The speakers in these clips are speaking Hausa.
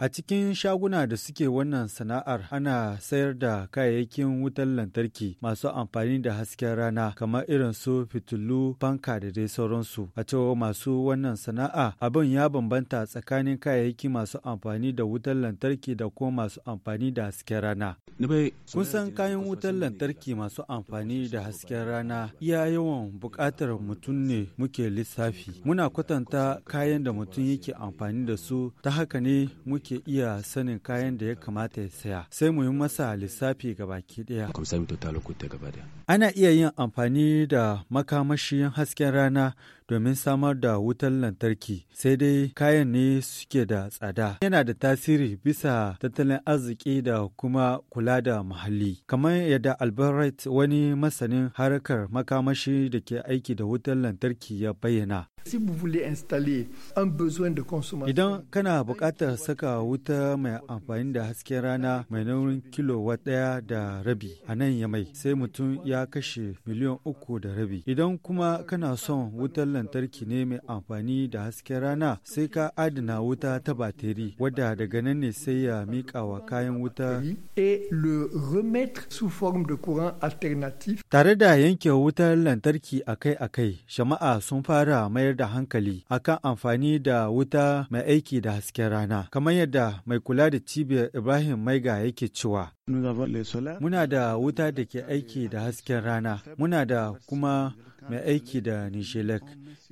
A cikin shaguna da suke wannan sana'ar ana sayar da kayayyakin wutar lantarki masu amfani da hasken rana kamar irin su fitilu, fanka da dai sauransu. A cewa masu wannan sana'a abin ya bambanta tsakanin kayayyaki masu amfani da wutar lantarki da kuma masu amfani da hasken rana. Kun san kayan wutar lantarki masu amfani da hasken rana iya yawan buƙatar mutum ne muke lissafi. Muna kwatanta kayan da mutum yake amfani da su ta haka ne muke yake iya sanin kayan da ya kamata ya saya sai mu yi masa lissafi ga baki daya ana iya yin amfani da makamashi hasken rana domin samar da wutar lantarki sai dai kayan ne suke da tsada yana da tasiri bisa tattalin arziki da kuma kula da muhalli kamar yadda albert wani masanin harkar makamashi da ke aiki da wutar lantarki ya bayyana Idan kana buƙatar saka wuta mai amfani da hasken rana mai nauyin kilowatt ɗaya da rabi a nan yamai sai mutum ya kashe miliyan uku da rabi. Idan kuma kana son wutar lantarki ne mai amfani da hasken rana sai ka adana wuta ta bateri wadda daga nan ne sai ya mika wa kayan wuta. Tare da yanke wutar lantarki akai-akai, shama'a sun fara mayar da hankali akan amfani da wuta mai aiki da hasken rana, kamar yadda mai kula da cibiyar Ibrahim Maiga yake cewa Muna da wuta da ke aiki da hasken rana, muna da kuma mai aiki da nishelek.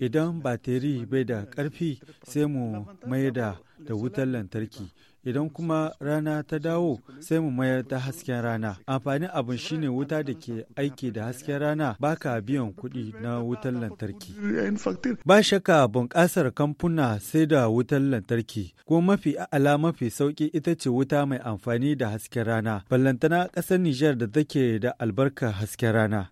idan bateri bai da ƙarfi sai mu mayar da wutar lantarki idan kuma rana ta dawo sai mu mayar da hasken rana amfanin abin shine wuta da ke aiki da hasken rana baka biyan kuɗi na wutar lantarki ba shakka bunƙasar kamfuna sai da wutar lantarki ko mafi ala mafi sauƙi ita ce wuta mai amfani da hasken rana ballantana ƙasar Nijar da take da albarka hasken rana